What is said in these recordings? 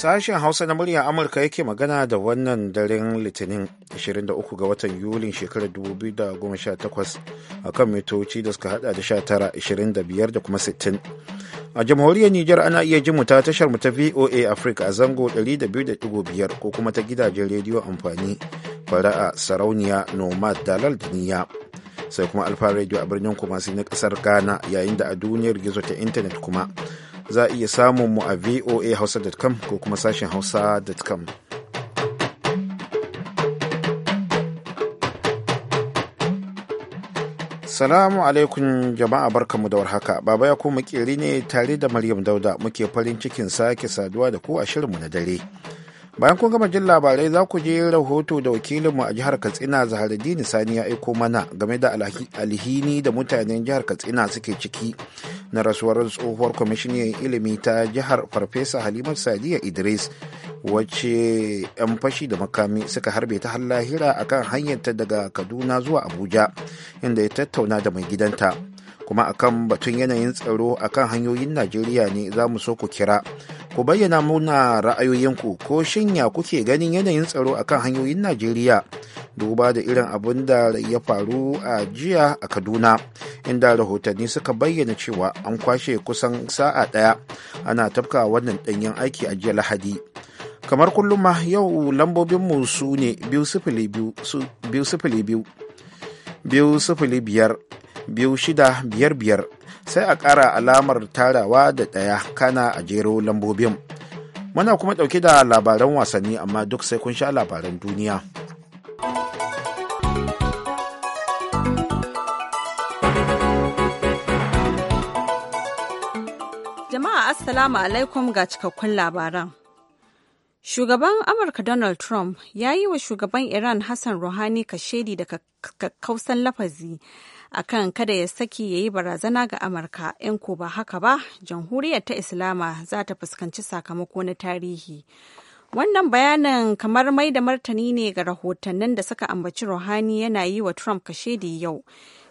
Sashen Hausa na murya Amurka yake magana da wannan daren Litinin 23 ga watan Yulin shekarar 2018 a kan mitoci da suka hada da 19, 25 da kuma 60. A jamhuriyar Nijar ana iya jin ta tashar mu ta VOA Africa a zango 200.5 ko kuma ta gidajen rediyo amfani fara'a sarauniya nomad dalal da Sai kuma Alfa Radio a birnin Kumasi na kasar Ghana yayin da a duniyar gizo ta intanet kuma. za a iya samun mu a voahausa.com ko kuma sashen hausa.com. Salamu alaikum jama'a barkamu da warhaka. Baba ya kuma makeri ne tare da Maryam Dauda muke farin cikin sake saduwa da ku a shirinmu na dare. Bayan kun gama jin labarai za ku je rahoto da wakilinmu a jihar Katsina dini Sani ya aiko mana game da alhini da mutanen jihar Katsina suke ciki na rasuwar tsohuwar kwamishiniyar ilimi ta jihar farfesa halimar sadiya idris wacce 'yan fashi da makami suka harbe ta har lahira kan hanyarta daga kaduna zuwa abuja inda ya tattauna da mai gidanta kuma akan batun yanayin tsaro akan hanyoyin najeriya ne za mu so ku kira ku bayyana muna ra'ayoyinku ko shinya kuke ganin yanayin tsaro akan hanyoyin najeriya duba da irin abun da ya faru a jiya a kaduna inda rahotanni suka bayyana cewa an kwashe kusan sa'a ɗaya ana tafka wannan ɗanyen aiki a jiya lahadi kamar kullum ma yau lambobinmu su ne biyu sifili biyu biyu sifili biyar biyu shida biyar biyar sai a ƙara alamar tarawa da ɗaya kana a jero lambobin muna kuma ɗauke da labaran wasanni amma duk sai kun sha labaran duniya jama'a assalamu alaikum ga cikakkun labaran Shugaban Amurka Donald Trump ya yi wa shugaban Iran Hassan Rouhani kashedi daga kakkausan lafazi akan kada ya saki ya yi barazana ga amurka in ko ba haka ba jamhuriyar ta islama za ta fuskanci sakamako na tarihi wannan bayanin kamar mai da martani ne ga rahotannin da suka ambaci ruhani yana yi wa trump kashedi yau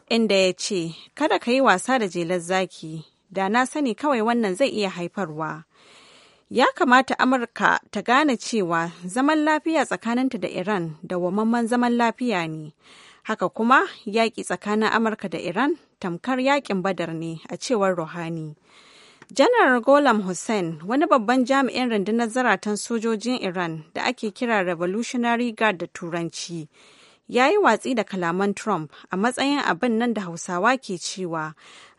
inda ya ce kada ka yi wasa da jelar zaki da na sani kawai wannan zai iya haifarwa ya kamata amurka ta gane cewa zaman lafiya tsakaninta da iran da wamamman zaman lafiya ne Haka kuma yaƙi tsakanin Amurka da Iran tamkar yaƙin badar ne a cewar Rouhani. Janar Golam Hussein wani babban jami'in rundunar zaratan sojojin Iran da ake kira Revolutionary Guard da Turanci ya yi watsi da kalaman Trump a matsayin abin nan da Hausawa ke cewa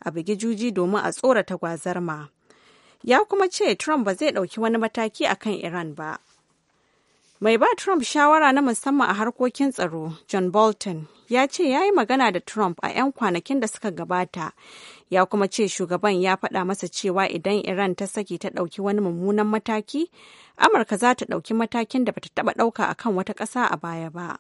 a bugi juji domin a tsorata gwazarma. Ya kuma ce Trump ba zai ɗauki wani mataki a kan Iran ba. Mai ba Trump shawara na musamman a harkokin tsaro, John Bolton, ya ce ya yi magana da Trump a 'yan kwanakin da suka gabata. Ya kuma ce shugaban ya faɗa masa cewa idan Iran ta saki ta ɗauki wani mummunan mataki, Amurka za ta ɗauki matakin da bata taɓa ɗauka akan wata ƙasa a baya ba.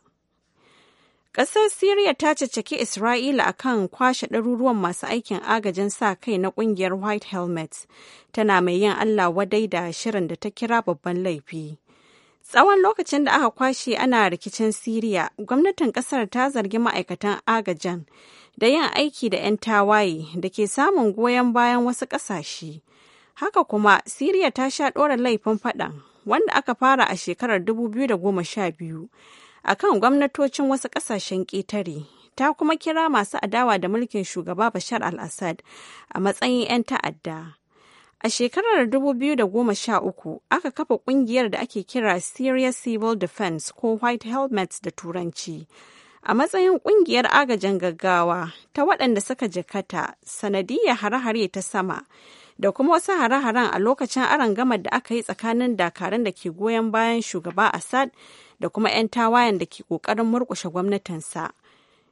Ƙasar Siriya ta caccaki Isra'ila a kan kwashe ɗaruruwan masu aikin agajin sa kai na ƙungiyar White Helmets, tana mai yin Allah wadai da shirin da ta kira babban laifi. Tsawon lokacin da aka kwashe ana rikicin Siriya, gwamnatin kasar ta zargi ma'aikatan agajan da yin aiki da 'yan tawaye da ke samun goyon bayan wasu ƙasashe. Haka kuma, Siriya ta sha ɗora laifin faɗan wanda aka fara a shekarar 2012 a kan gwamnatocin wasu ƙasashen ƙetare. Ta kuma kira masu adawa da mulkin shugaba Bashar al-Assad a matsayin 'yan ta'adda. A shekarar 2013 aka kafa kungiyar da ake kira Serious Civil Defense ko White Helmets da Turanci. A matsayin kungiyar agajin gaggawa ta waɗanda suka jikata sanadiyar hare-hare ta sama da kuma wasu hare-haren a lokacin aron gama da aka yi tsakanin dakarun da ke goyon bayan shugaba Assad da kuma 'yan tawayen da ke ƙoƙarin murƙushe gwamnatinsa.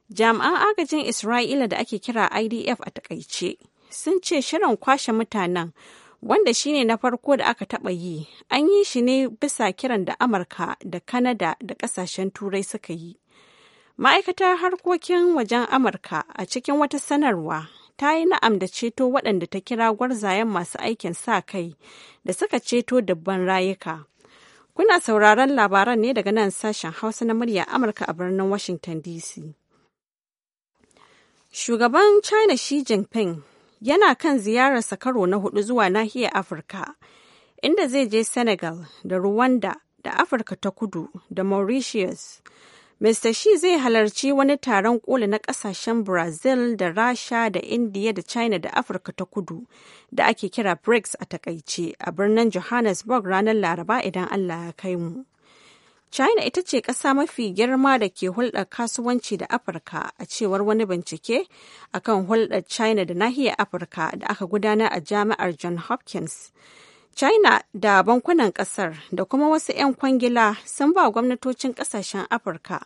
Jami'an agajin Isra'ila da ake kira IDF a takaice sun ce shirin kwashe mutanen wanda shine na farko da aka taɓa yi an yi shi ne bisa kiran da amurka da kanada da ƙasashen turai suka yi ma'aikatar harkokin wajen amurka a cikin wata sanarwa ta yi na'am da ceto waɗanda ta kira gwarzayen masu aikin sa kai da suka ceto dubban rayuka kuna sauraron labaran ne daga nan sashen hausa na murya amurka a birnin washington dc shugaban china xi jinping yana kan ziyararsa karo na hudu zuwa nahiyar Afirka, inda zai je Senegal da Rwanda da Afirka ta kudu da Mauritius. Mr. Shi zai halarci wani taron koli na kasashen Brazil da Rasha da Indiya da China da Afirka ta kudu da ake kira BRICS a takaice a birnin Johannesburg ranar Laraba idan Allah ya kai mu. China ita ce ƙasa mafi girma da ke hulɗar kasuwanci da Afirka a cewar wani bincike a kan hulɗar China da nahiyar Afirka da aka gudana a jami'ar John Hopkins. China da bankunan ƙasar da kuma wasu 'yan kwangila sun ba gwamnatocin ƙasashen Afirka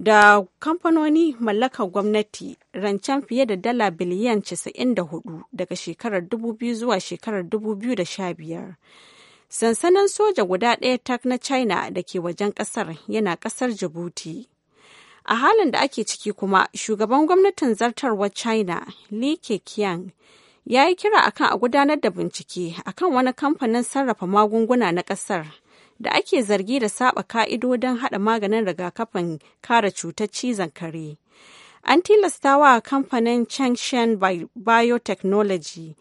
da kamfanoni mallakar gwamnati rancen fiye da dala biliyan 94 daga shekarar 2000 zuwa shekarar 2015. sansanin soja guda ɗaya tak na china da ke wajen ƙasar yana ƙasar jibuti a halin da ake ciki kuma shugaban gwamnatin zartarwar china li keqiang ya yi kira akan a gudanar da bincike akan wani kamfanin sarrafa magunguna na ƙasar da ake zargi da saba ka'ido don haɗa maganin rigakafin kare cutar cizon kare an tilasta tilastawa kamfanin changshan biotechnology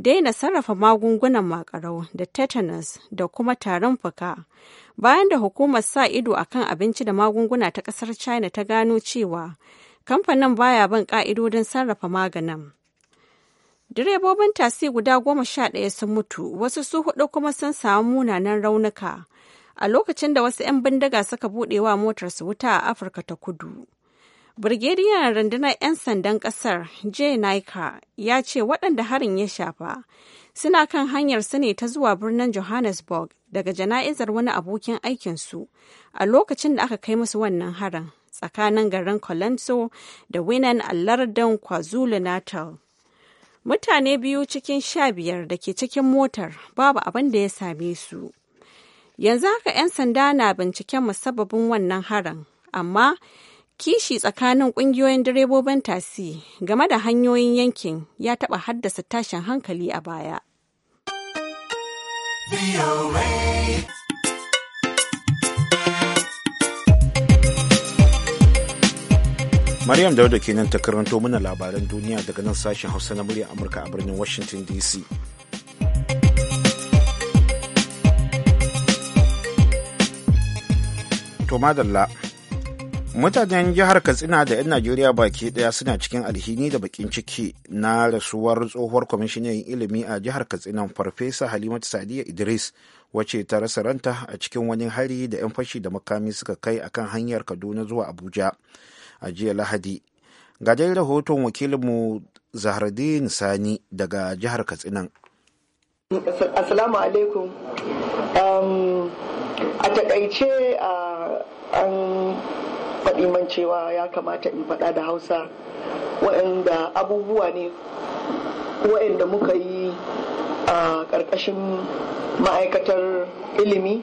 daina sarrafa magungunan makarau da tetanus da kuma tarin fuka bayan da hukumar sa ido akan abinci da magunguna ta kasar china ta gano cewa kamfanin baya bin ka'idodin sarrafa maganin direbobin tasi guda goma sha ɗaya sun mutu wasu su hudu kuma sun samu munanan raunuka a lokacin da wasu 'yan bindiga suka buɗewa motarsu wuta a afirka ta kudu Birgediyan rundunar 'yan sandan kasar Jay Naika ya ce waɗanda harin ya shafa suna kan hanyar su ne ta zuwa birnin Johannesburg daga jana'izar wani abokin aikinsu a lokacin da aka kai musu wannan harin tsakanin garin Colenso da Winan a lardin KwaZulu-Natal. Mutane biyu cikin sha biyar da ke cikin motar babu abin da ya same su. Yanzu haka 'yan sanda na binciken musabbabin wannan harin, amma kishi tsakanin ƙungiyoyin direbobin tasi game da hanyoyin yankin ya taɓa haddasa tashin hankali a baya. Maryam Dauda kenan ta karanto mana labaran duniya daga nan sashen Hausa na murya Amurka a birnin Washington DC. To madalla mutanen jihar katsina da 'yan najeriya baki daya suna cikin alhini da bakin ciki na rasuwar tsohuwar kwamishinan ilimi a jihar katsina farfesa halimatu sadiya idris wace ta rasa ranta a cikin wani hari da 'yan fashi da makami suka kai a kan hanyar kaduna zuwa abuja a jiya lahadi ga dai rahoton wakilinmu zahardin sani daga jihar katsina um, a takaice uh, faɗi man cewa ya kamata in faɗa da hausa waɗanda abubuwa ne waɗanda muka yi a ƙarƙashin ma'aikatar ilimi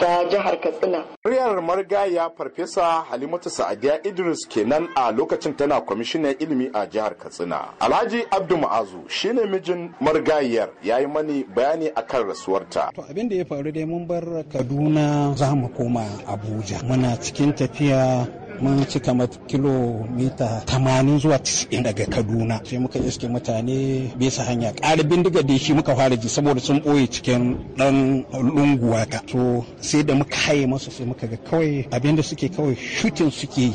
ta jihar katsina riyar marigaya farfesa halimatu sa'adiya idris kenan a lokacin tana kwamishinan ilimi a jihar katsina alhaji abdu ma'azu shi ne mijin marigayar ya yi mani bayani a kan rasuwarta to abin da ya faru dai mun bar kaduna za mu koma abuja muna cikin tafiya mun ci kamar kilomita tamanin zuwa 90 daga kaduna sai muka iske mutane bisa hanya ƙara bindiga da shi muka fara ji saboda sun ɓoye cikin ɗan lunguwa ka. to sai da muka haye masu sai muka ga kawai abinda suke kawai shutin suke yi.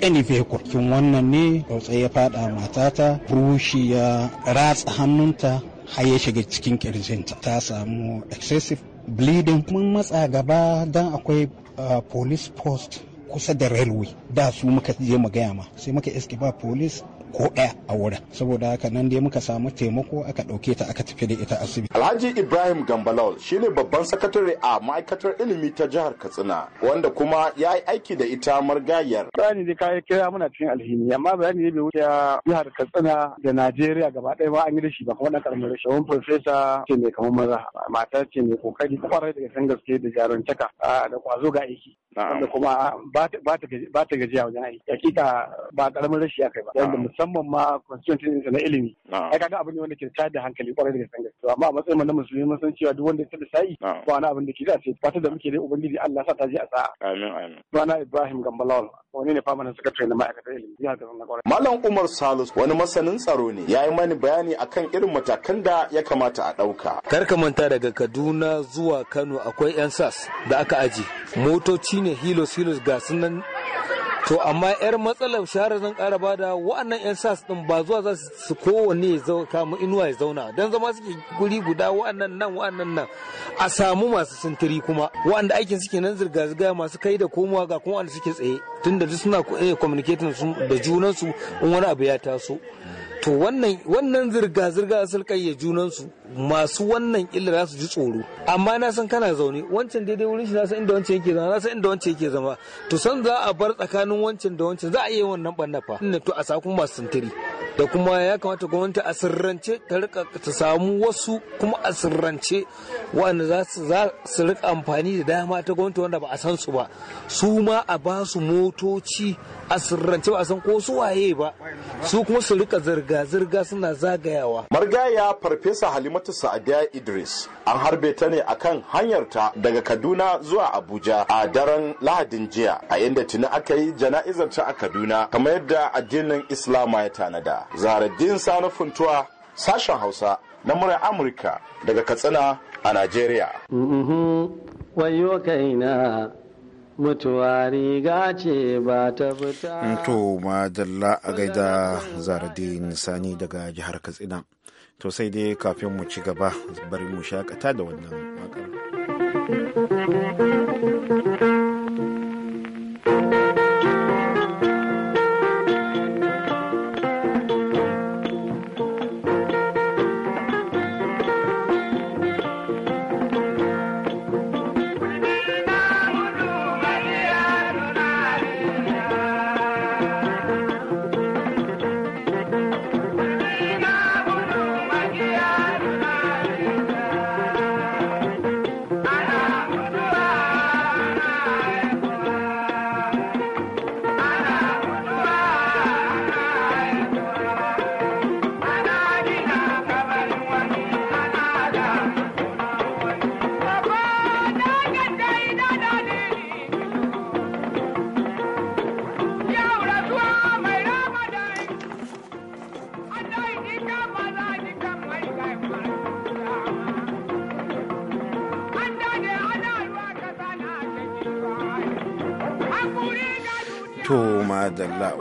any vehicle kin wannan ne tsautsayi ya fada matata burushi ya ratsa hannunta har ya shiga cikin kirjinta ta samu excessive bleeding mun matsa gaba dan akwai ah, police post kusa da railway da su muka je mu gaya ma sai muka iske ba police ko ɗaya a wurin saboda haka nan dai muka samu taimako aka ɗauke ta aka tafi da ita asibiti. Alhaji Ibrahim Gambalawal shine babban sakatare a ma'aikatar ilimi ta jihar Katsina wanda kuma ya yi aiki da ita margayar. Bayani dai kayi kira muna cikin alhini amma bayani bai wuce jihar Katsina da Najeriya gaba ɗaya ba an yi da shi ba kuma ɗan karamin rashin wani farfesa ce mai kamar maza mata ce mai kokari kwarai daga san gaske da jarumtaka da kwazo ga aiki. Wanda kuma ba ta gajiya wajen aiki. Hakika ba karamin rashi aka yi ba. musamman ma constituency na ilimi ah. ai kaga abin ne wanda ke tada da hankali kwarai da gaske to amma a matsayin mu na musulmi mun san cewa duk wanda ya sai ah. ba wani abin da ke da sai fata da muke dai ubangiji Allah sa ta ji a sa'a amin amin Ibrahim Gambalawal wani ne famanin sakatare na ma'aikatar ilimi ga Kaduna kwarai Malam Umar Salus wani masanin tsaro ne ya yi mani bayani akan irin matakan da ya kamata a ɗauka kar ka manta daga Kaduna zuwa Kano akwai 'yan sas da aka aji motoci ne hilos hilos ga sunan to amma yar matsalar shahara zan kara bada wa'annan yan sas din ba zuwa za su kowane ya kama inuwa ya zauna dan zama suke guri guda wa'annan nan wa'annan nan a samu masu sintiri kuma wa'anda aikin suke nan zirga-zirga masu kai da komowa ga kuma wanda suke tsaye tunda duk suna iya eh, communicating da junansu in wani abu ya taso to wannan wannan zirga zirga sun ya junansu masu wannan illa za su ji tsoro amma na san kana zaune wancan daidai wurin shi na san inda wancan yake zama na san inda wancan yake zama to san za a bar tsakanin wancan da wancan za a iya wannan bannafa to a sakun masu sintiri da kuma ya kamata gwamnati a sirrance ta rika ta samu wasu kuma a sirrance wanda za su rika amfani da dama ta gwamnati wanda ba a san su ba su ma a ba su motoci a sirrance ba a san ko su waye ba su kuma su rika zirga zirga suna zagayawa margaya farfesa halimatu sa'adiya idris an harbe ta ne akan ta daga kaduna zuwa abuja a daren lahadin jiya a inda tuni aka yi jana'izar ta a kaduna kamar yadda addinin islama ya tanada zaradin zaraddin sani funtuwa sashen hausa na murar amurka daga katsina a nigeria wayo kaina mutuwa riga ce ba ta fita to madalla a gaida zaradin sani daga jihar katsina to sai dai kafin mu ci gaba bari mu shakata da wannan makar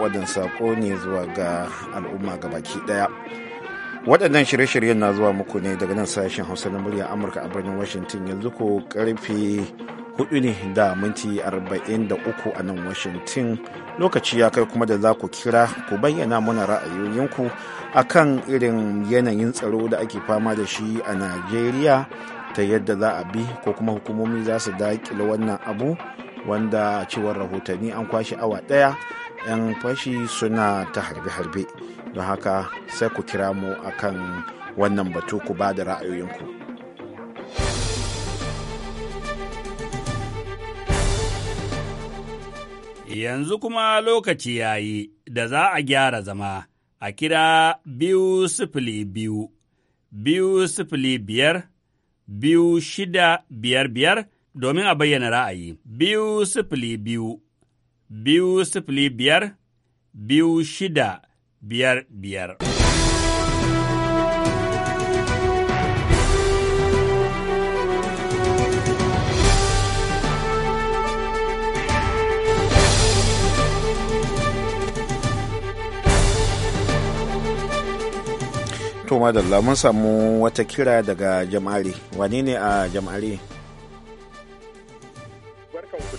wadin sako ne zuwa ga al'umma ga baki daya waɗannan shirye-shiryen na zuwa muku ne daga nan sashen hausa na murya amurka a birnin washington yanzu ko karfe hudu ne da minti 43 a nan washington lokaci ya kai kuma da za ku kira ku bayyana mana ra'ayoyinku akan irin yanayin tsaro da ake fama da shi a nigeria ta yadda za a bi ko kuma hukumomi za su daƙile wannan abu wanda cewar rahotanni an kwashe awa daya 'yan fashi suna ta harbe-harbe don haka sai ku kira mu akan wannan batu ku ba da ra'ayoyinku yanzu kuma lokaci ya yi da za a gyara zama a kira biyu sifili biyu biyu sifili biyar biyu shida biyar biyar domin a bayyana ra'ayi. Biyu sifili biyu, biyu sifili biyar, biyu shida biyar biyar. kuma da mun samu wata kira daga jam'ari, wani ne a jam'ari?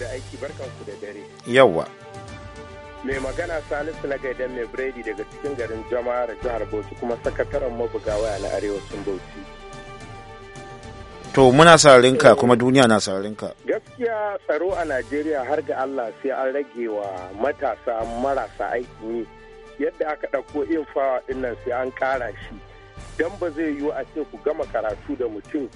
da aiki ku da dare. Yawwa. Mai magana Salisu na gaidan mai Brady daga cikin garin Jama'a da jihar Bauchi kuma sakataren mabuga waya na arewacin Bauchi. To muna sararin ka kuma duniya na sararin ka. Gaskiya tsaro a Najeriya har ga Allah sai an rage wa matasa marasa aikin yi yadda aka ɗauko infawa ɗin nan sai an ƙara shi. Dan ba zai yiwu a ce ku gama karatu da mutum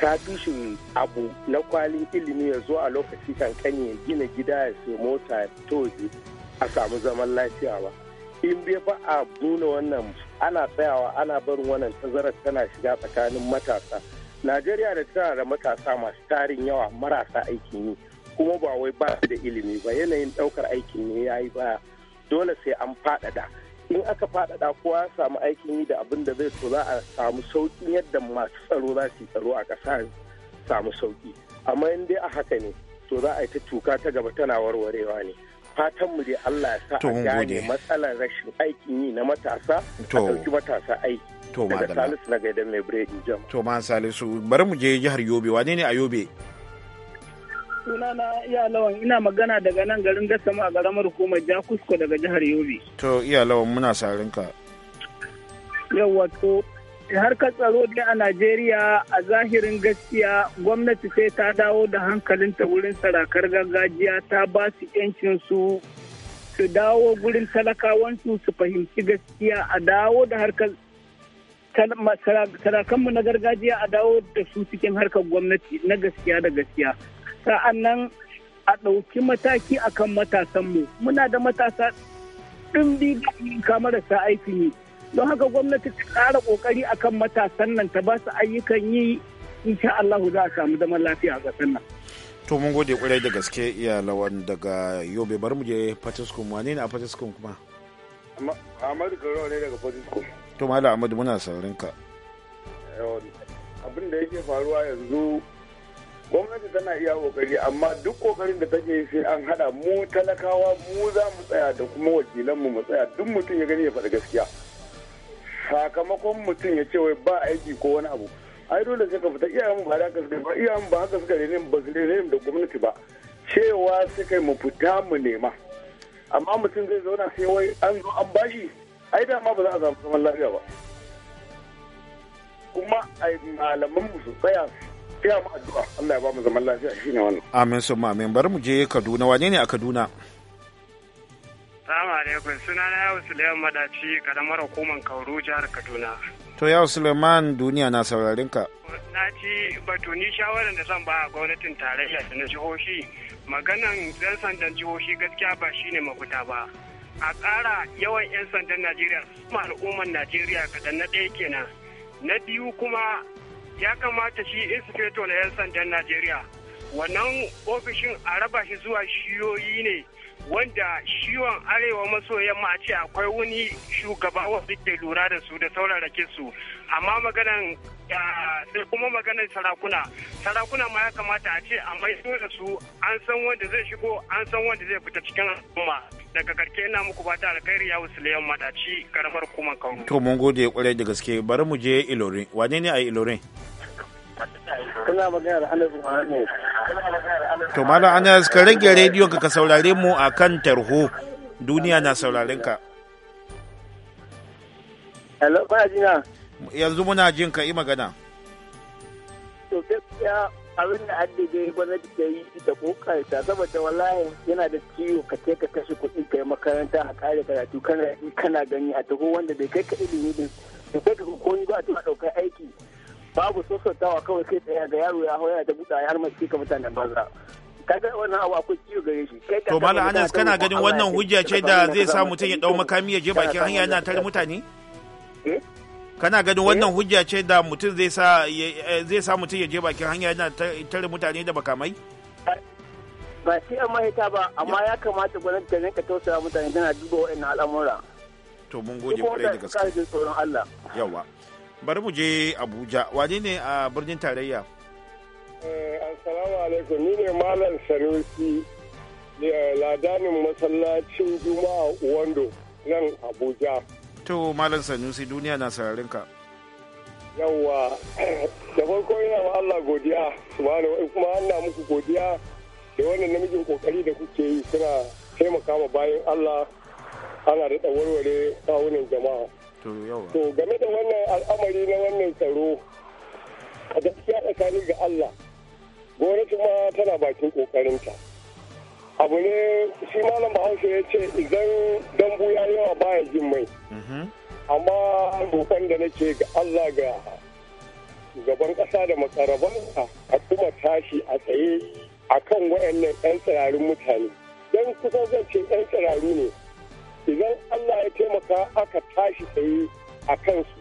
dushin abu na kwalin ilimi ya zo a lokaci kankani ya gina gida ya sai mota ya fito a samu zaman lafiya ba in bai ba a nuna wannan ana tsayawa ana barin wannan tazarar tana shiga tsakanin matasa najeriya da tana da matasa masu tarin yawa marasa aikin yi kuma ba wai ba da ilimi ba yanayin daukar aikin ne ya yi ba dole sai an faɗaɗa in aka faɗaɗa kowa ya samu aikin yi da abin da zai so za a samu sauƙi yadda masu tsaro za su tsaro a ƙasa samu sauƙi amma in dai a haka ne to za a yi ta tuka ta gaba tana warwarewa ne fatan mu dai Allah ya sa a gane matsalar rashin aikin yi na matasa a ɗauki matasa aiki to ma na gaidan mai biredi jam to ma salisu bari mu je jihar yobe wane ne a yobe sunana iya lawan ina magana daga nan garin gasama a garamar hukumar jakusko daga jihar yobe to iya lawan muna sarin ka yawa to harkar tsaro dai a najeriya a zahirin gaskiya gwamnati sai ta dawo da hankalinta wurin sarakar gargajiya ta ba su su su dawo gurin talakawansu su fahimci gaskiya a dawo da harkar sarakanmu na gargajiya a dawo da su cikin harkar gwamnati na gaskiya da gaskiya sa'an nan a ɗauki mataki akan matasanmu muna da matasa ɗimbi ka marasa aikin yi don haka gwamnati ta ƙara ƙoƙari akan matasan nan ta ba su ayyukan yi insha Allah za a samu zaman lafiya a ƙasar nan. to mun gode kwarai da gaske iyalawan daga yobe bar mu je fatiskum wane ne a fatiskum kuma amadu garo ne daga fatiskum to mala amadu muna saurin ka abin da yake faruwa yanzu gwamnati tana iya kokari amma duk kokarin da take sai an hada mu talakawa mu za mu tsaya da kuma wakilanmu mu tsaya duk mutum ya gani ya faɗi gaskiya sakamakon mutum ya ce wai ba aiki ko wani abu ai dole sai ka fita iyayen ba da ka ba iyayen ba haka suka rene ba su rene da gwamnati ba cewa suka mu fita mu nema amma mutum zai zauna sai wai an zo an bashi ai dama ba za a samu zaman lafiya ba kuma ai malaman mu su tsaya taya addu'a Allah ya ba mu zaman lafiya shine wannan amin summa mamin bari mu je Kaduna wane ne a Kaduna Assalamu alaikum sunana Yawu Suleiman Madaci kadamar hukumar Kauru jihar Kaduna To yawu Suleiman duniya na saurarin ka Na ci batu ni shawarar da zan ba a gwamnatin tarayya da na jihohi maganan yan sandan jihohi gaskiya ba shi ne mafuta ba a ƙara yawan 'yan sandan najeriya kuma al'ummar najeriya kaɗan na ɗaya kenan na biyu kuma ya kamata shi inspector na 'yan sandan najeriya wannan ofishin a raba shi zuwa shiyoyi ne wanda shiwon arewa maso yamma a ce akwai wani shugaba wanda ke lura da su da sauran su amma maganan sai ah, kuma maganar sarakuna sarakuna ma ya kamata a ce a maido da su an san wanda zai shigo an san wanda zai fita cikin al'umma daga karke ina muku ba ta alkhairi ya wusule madaci karamar kuma kauru to mun gode kwarai da gaske bari mu je ilorin wane ne a ilorin Kuna magana Anas Muhammad. To Malam Anas ka rage rediyon ka saurare mu a kan tarho. Duniya na sauraren ka. Hello, ba jina? Yanzu muna jin ka yi magana. To gaskiya abin da da yi gwamnati ta yi ta saboda wallahi yana da ciwo ka ce ka kashe kuɗi ka yi makaranta a kare karatu kana kana gani a taho wanda bai kai ka ilimi din bai kai ka komai ba a ɗaukar aiki babu sosantawa kawai kai tsaye ga yaro ya hau yana ta buɗa har mace ka mutane banza kaga wannan abu akwai ciwo gare shi kai to malam Anas eh? kana ganin wannan hujja eh? ce da zai sa mutum ya dau makami ya je bakin hanya yana tare mutane kana ganin wannan hujja ce da mutum zai sa eh, zai sa mutum ya je bakin hanya yana tare mutane da makamai ba shi an ta ba amma ya kamata gwamnati ta rinka tausaya mutane tana duba wa'annan al'amura to mun gode kwarai da gaske Allah yawa bari mu je abuja wane ne a birnin tarayya eh, assalamu alaikum ni ne malam sanusi eh, ladanin masallacin juma'a wando nan abuja to malam sanusi duniya na sararin ka yawwa da farko yana ma Allah godiya subhanahu kuma Allah muku godiya da wannan namijin kokari da kuke yi suna taimaka ma bayan Allah ana da warware kawunan jama'a To game da wannan al'amari na wannan tsaro a gaskiya tsakanin ga Allah gwamnati ma tana bakin kokarinta. Abu ne shi malam Bahaushe ya ce idan dambu ya yawa baya jin mai. Mhm. Amma roƙon da nake ga Allah ga gaban ƙasa da makarabansa a kuma tashi a tsaye akan waɗannan 'yan tsirarin mutane. Don kusan zan 'yan tsirari ne. taimaka aka tashi tsaye a kansu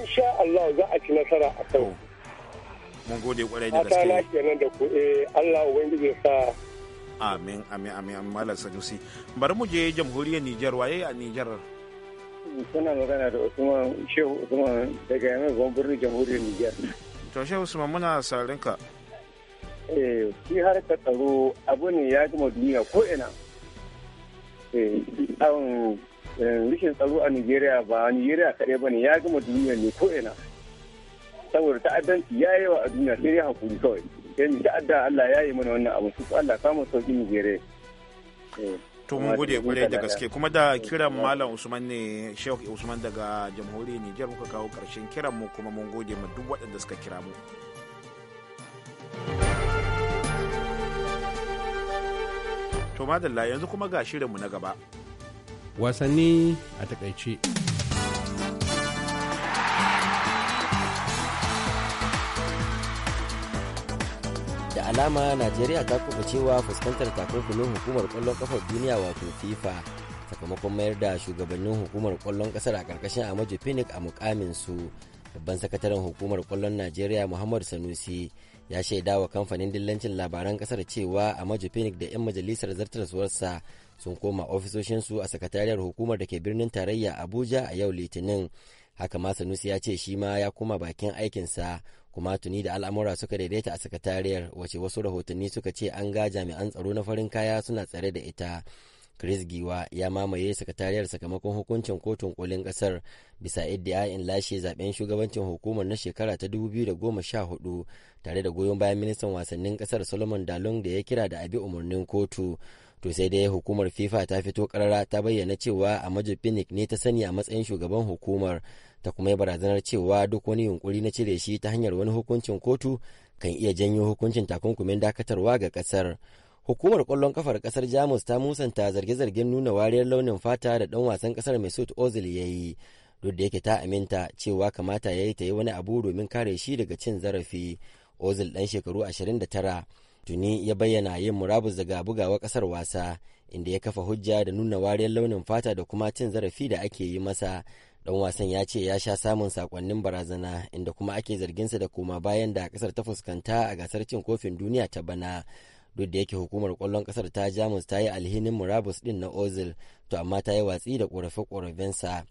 insha Allah za a ci nasara a kansu. Mun gode kwarai da gaske. Fata kenan da ku eh Allah ubangiji ya sa Amin amin amin amin Malam Sanusi. Bari mu je jamhuriyar Nijar waye a Nijar. Kuna magana da Usman Shehu Usman daga yamin gwamnatin jamhuriyar Nijar. To Shehu Usman muna sarin ka. Eh shi har ka tsaro abu ne ya gama duniya ko ina. Eh Eh, rikin tsaro a nigeria ba nigeria kaɗai ba ne ya gama duniya ne ko ina saboda ta'addanci ya wa a duniya sai ya hankuri kawai yanzu ta'adda allah ya yi mana wannan abu su allah samun sauƙi nigeria eh, to mun gode gure da gaske kuma da eh, kiran malam usman ne sheikh usman daga jamhuriyar niger muka kawo karshen kiran mu kuma mun gode ma duk waɗanda suka kira mu to madalla yanzu kuma ga shirinmu na gaba wasanni a takaice. da alama najeriya ta kuma cewa fuskantar takunkumin hukumar kwallon kafar duniya wato fifa sakamakon mayar da shugabannin hukumar kwallon kasar a karkashin amaju phoenix a mukamin su babban sakataren hukumar kwallon najeriya muhammadu sanusi ya shaidawa kamfanin dillancin labaran kasar cewa amaju phoenix da 'yan majalisar zartarsuwarsa sun koma ofisoshinsu a sakatariyar hukumar da ke birnin tarayya abuja a yau litinin haka ma sanusi ya ce shi ma ya koma bakin aikinsa kuma tuni da al'amura suka daidaita a sakatariyar wace wasu rahotanni suka ce an ga jami'an tsaro na farin kaya suna tsare da ita chris giwa ya mamaye sakatariyar sakamakon hukuncin kotun kolin kasar bisa in lashe zaben shugabancin hukumar na shekara ta 2014 tare da goyon bayan ministan wasannin kasar solomon dalong da ya kira da abi umarnin kotu to sai dai hukumar fifa ta fito karara ta bayyana cewa a majid ne ta sani a matsayin shugaban hukumar ta kuma yi barazanar cewa duk wani yunkuri na cire shi ta hanyar wani hukuncin kotu kan iya janyo hukuncin takunkumin dakatarwa ga kasar hukumar kwallon kafar kasar jamus ta musanta zarge-zargen nuna wariyar launin fata da dan wasan kasar mesut ozil ya yi duk da yake ta aminta cewa kamata ya yi ta yi wani abu domin kare shi daga cin zarafi ozil dan shekaru ashirin da tara. tuni ya bayyana yin murabus daga bugawa kasar wasa inda ya kafa hujja da nuna wariyar launin fata da kuma cin zarafi da ake yi masa dan wasan ya ce ya sha samun sakonnin barazana inda kuma ake zarginsa da koma bayan da kasar ta fuskanta a gasar cin kofin duniya ta bana duk da yake hukumar kwallon kasar ta jamus ta yi alhinin murabus din na ozil to amma ta yi watsi da korafe-korafensa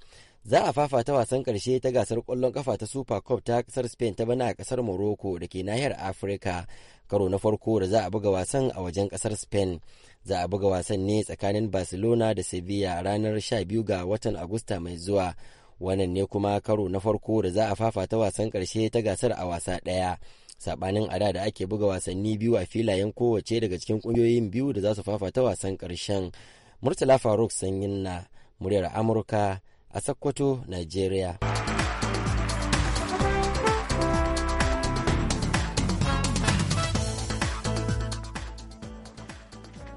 za a fafata wasan karshe ta gasar kwallon kafa ta super cup ta kasar spain ta bana a kasar morocco da ke nahiyar afirka karo na farko da za a buga wasan a wajen kasar spain za a buga wasan ne tsakanin barcelona da sevilla ranar 12 ga watan agusta mai zuwa wannan ne kuma karo na farko da za a fafata wasan karshe ta gasar a wasa ɗaya sabanin ada da ake buga wasanni biyu a filayen kowace daga cikin kungiyoyin biyu da za su fafata wasan karshen murtala faruk sanyin na muryar amurka a Sokoto, Nigeria.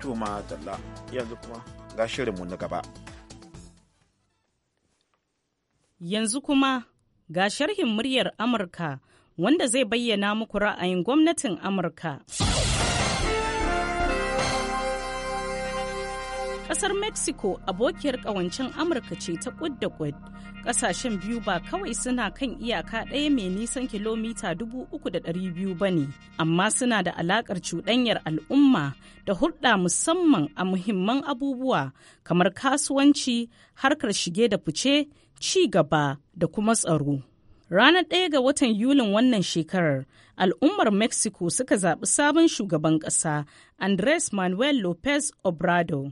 Tuma Dalla yanzu kuma ga shirinmu na gaba. Yanzu kuma ga sharhin muryar Amurka wanda zai bayyana muku ra'ayin gwamnatin Amurka. Kasar Mexico abokiyar kawancin Amurka ce ta kud da kud. Kasashen biyu ba kawai suna kan iyaka ɗaya mai nisan kilomita 3,200 ba ne, amma suna da alakar cuɗanyar al'umma da hulɗa musamman a muhimman abubuwa kamar kasuwanci, harkar shige da fice, ci gaba da kuma tsaro. Ranar ɗaya ga watan Yulin wannan shekarar, al'ummar Mexico suka zaɓi sabon shugaban ƙasa, Andres Manuel Lopez Obrador.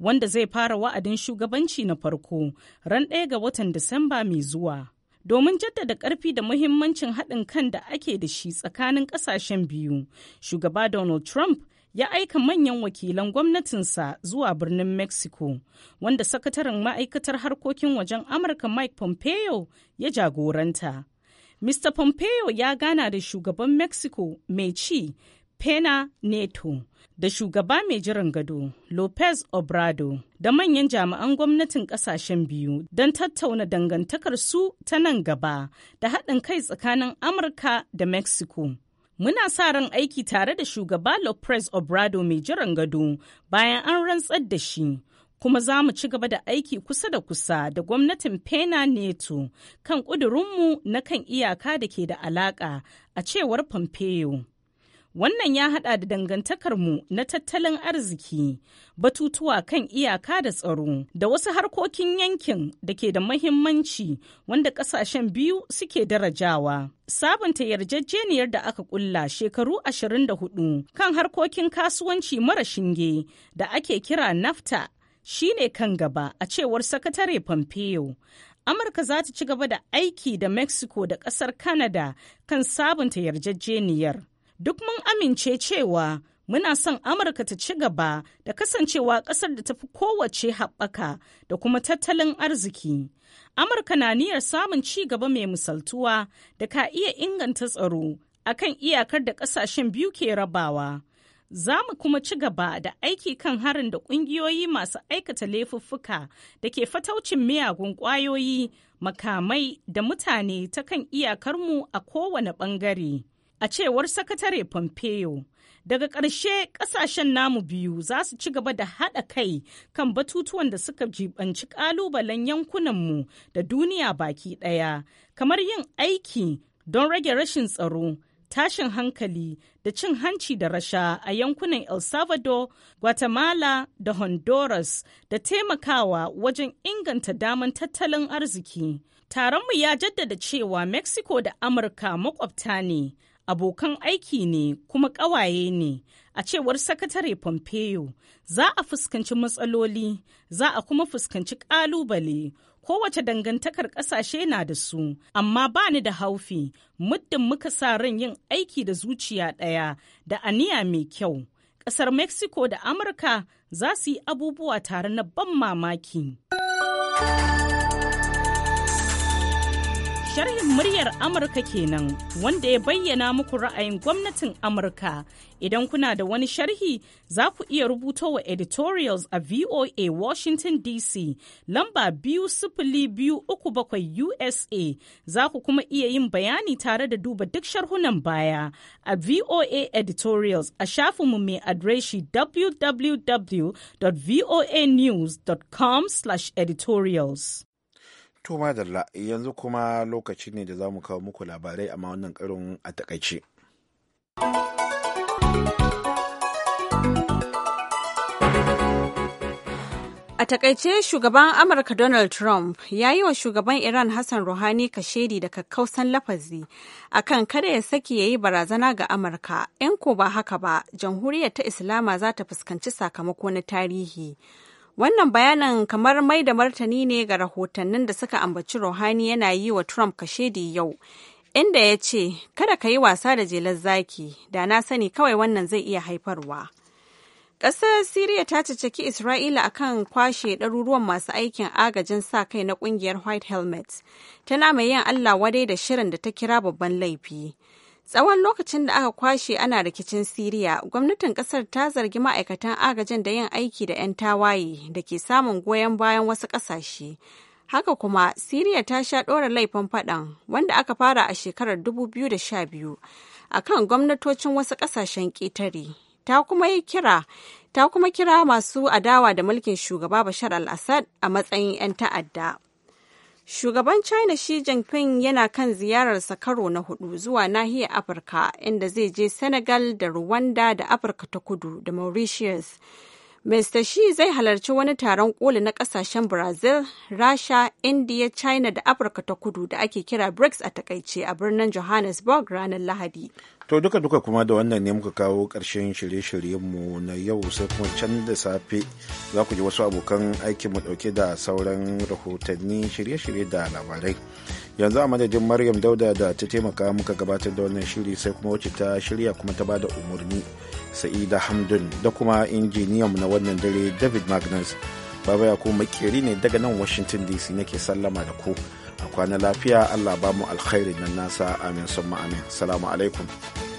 wanda zai fara wa'adin shugabanci na farko ran ɗaya ga watan Disamba mai zuwa. domin jaddada ƙarfi da muhimmancin haɗin kan da ake da shi tsakanin ƙasashen biyu. Shugaba Donald Trump ya aika manyan wakilan gwamnatinsa zuwa birnin Mexico, wanda sakataren ma'aikatar harkokin wajen Amurka Mike Pompeo ya jagoranta. Mr. Pompeo ya gana da shugaban Mexico mai ci pena neto da shugaba mai jiran gado lopez obrado da manyan jami'an gwamnatin kasashen biyu don tattauna dangantakar su ta nan gaba da haɗin kai tsakanin amurka da mexico Muna sa ran aiki tare da shugaba Lopez Obrado mai jiran gado bayan an rantsar da shi, kuma za mu ci gaba da aiki kusa da kusa da gwamnatin Pena Neto kan ƙudurinmu na kan iyaka da ke da alaƙa a cewar Pompeo. Wannan ya haɗa da dangantakarmu na tattalin arziki, batutuwa kan iyaka da tsaro, da wasu harkokin yankin da ke da mahimmanci wanda ƙasashen biyu suke darajawa. Sabunta yarjejeniyar da aka ƙulla shekaru 24 kan harkokin kasuwanci mara shinge da ake kira NAFTA shine kan gaba a cewar Sakatare Pompeo. Amurka za ta ci gaba da aiki da Mexico da ƙasar Canada kan sabunta yarjejeniyar. duk mun amince cewa muna son Amurka ta ci gaba da kasancewa ƙasar da ta fi kowace haɓaka da kuma tattalin arziki. Amurka na niyyar samun ci gaba mai misaltuwa da ka iya inganta tsaro a kan iyakar da ƙasashen biyu ke rabawa. Za mu kuma ci gaba da aiki kan harin da ƙungiyoyi masu aikata laifuffuka da ke fataucin miyagun ƙwayoyi, makamai da mutane ta kan iyakarmu a kowane ɓangare. a cewar sakatare pompeo daga ƙarshe ƙasashen namu biyu za su ci gaba da haɗa kai kan batutuwan da suka jibanci ƙalubalen yankunanmu da duniya baki ɗaya kamar yin aiki don rage rashin tsaro tashin hankali da cin hanci da rasha a yankunan el salvador guatemala da honduras da taimakawa wajen inganta damar tattalin arziki taronmu ya jaddada cewa mexico da amurka makwabta ne abokan aiki ne kuma ƙawaye ne a cewar sakatare pompeo za a fuskanci matsaloli za a kuma fuskanci ƙalubale kowace dangantakar ƙasashe na da su amma ba ni da haufi muddin muka sa ran yin aiki da zuciya ɗaya da aniya mai kyau ƙasar mexico da amurka za su yi abubuwa tare na ban mamaki. Sharhin muryar Amurka kenan wanda ya bayyana muku ra'ayin gwamnatin Amurka. Idan kuna da wani sharhi za ku iya rubuto wa editorials a VOA Washington DC lamba biyu sifili biyu uku bakwai USA za ku kuma iya yin bayani tare da duba duk sharhunan baya a VOA editorials a shafin mu mai adireshi www.voanews.com/editorials. To madalla yanzu kuma lokaci ne da za mu kawo muku labarai amma wannan karin a takaice. A takaice shugaban Amurka Donald Trump ya yi wa shugaban Iran Hassan Rouhani kashedi da kakkausan lafazi a kan kada ya saki ya yi barazana ga Amurka, in ko ba haka ba, jamhuriyar ta Islama za ta fuskanci sakamako na tarihi. Wannan bayanin kamar mai da martani ne ga rahotannin da suka ambaci Rouhani yana yi wa Trump kashedi yau, inda ya ce, Kada ka yi wasa da jelar zaki, da na sani kawai wannan zai iya haifarwa. Ƙasar Siriya ta cacaki Isra'ila akan kwashe ɗaruruwan masu aikin agajin sa kai na ƙungiyar White Helmets, tana mai yin Allah wadai da shirin da ta kira babban laifi. Tsawon lokacin da aka kwashe ana rikicin Siriya, gwamnatin kasar ta zargi ma'aikatan agajin da yin aiki da 'yan tawaye da ke samun goyon bayan wasu ƙasashe. Haka kuma, Siriya ta sha ɗora laifin faɗan wanda aka fara a shekarar 2012 a kan gwamnatocin wasu ƙasashen ƙetare. Ta kuma yi kira, ta kuma kira masu adawa da mulkin shugaba Bashar al-Assad a matsayin 'yan ta'adda. Shugaban China Xi Jinping yana kan ziyararsa karo na hudu zuwa nahiyar Afirka inda zai je Senegal da Rwanda da Afirka ta kudu da Mauritius. Mr. Xi zai halarci wani taron koli na kasashen Brazil, Rasha, India, China da Afirka ta kudu da ake kira BRICS a takaice a birnin Johannesburg ranar Lahadi. To duka duka kuma da wannan ne muka kawo ƙarshen shirye-shiryenmu na yau sai kuma can da safe za ku ji wasu abokan aikinmu ɗauke da sauran rahotanni shirye-shirye da labarai. Yanzu a madadin Maryam Dauda da ta taimaka muka gabatar da wannan shiri sai kuma wacce ta shirya kuma ta bada umarni Sa'ida Hamdun da kuma injiniyanmu na wannan dare David Magnus. baba ya makeri ne daga nan washington dc nake sallama da ku a kwana lafiya allah ba mu alkhairi nan nasa amin sun ma'amin. salamu alaikum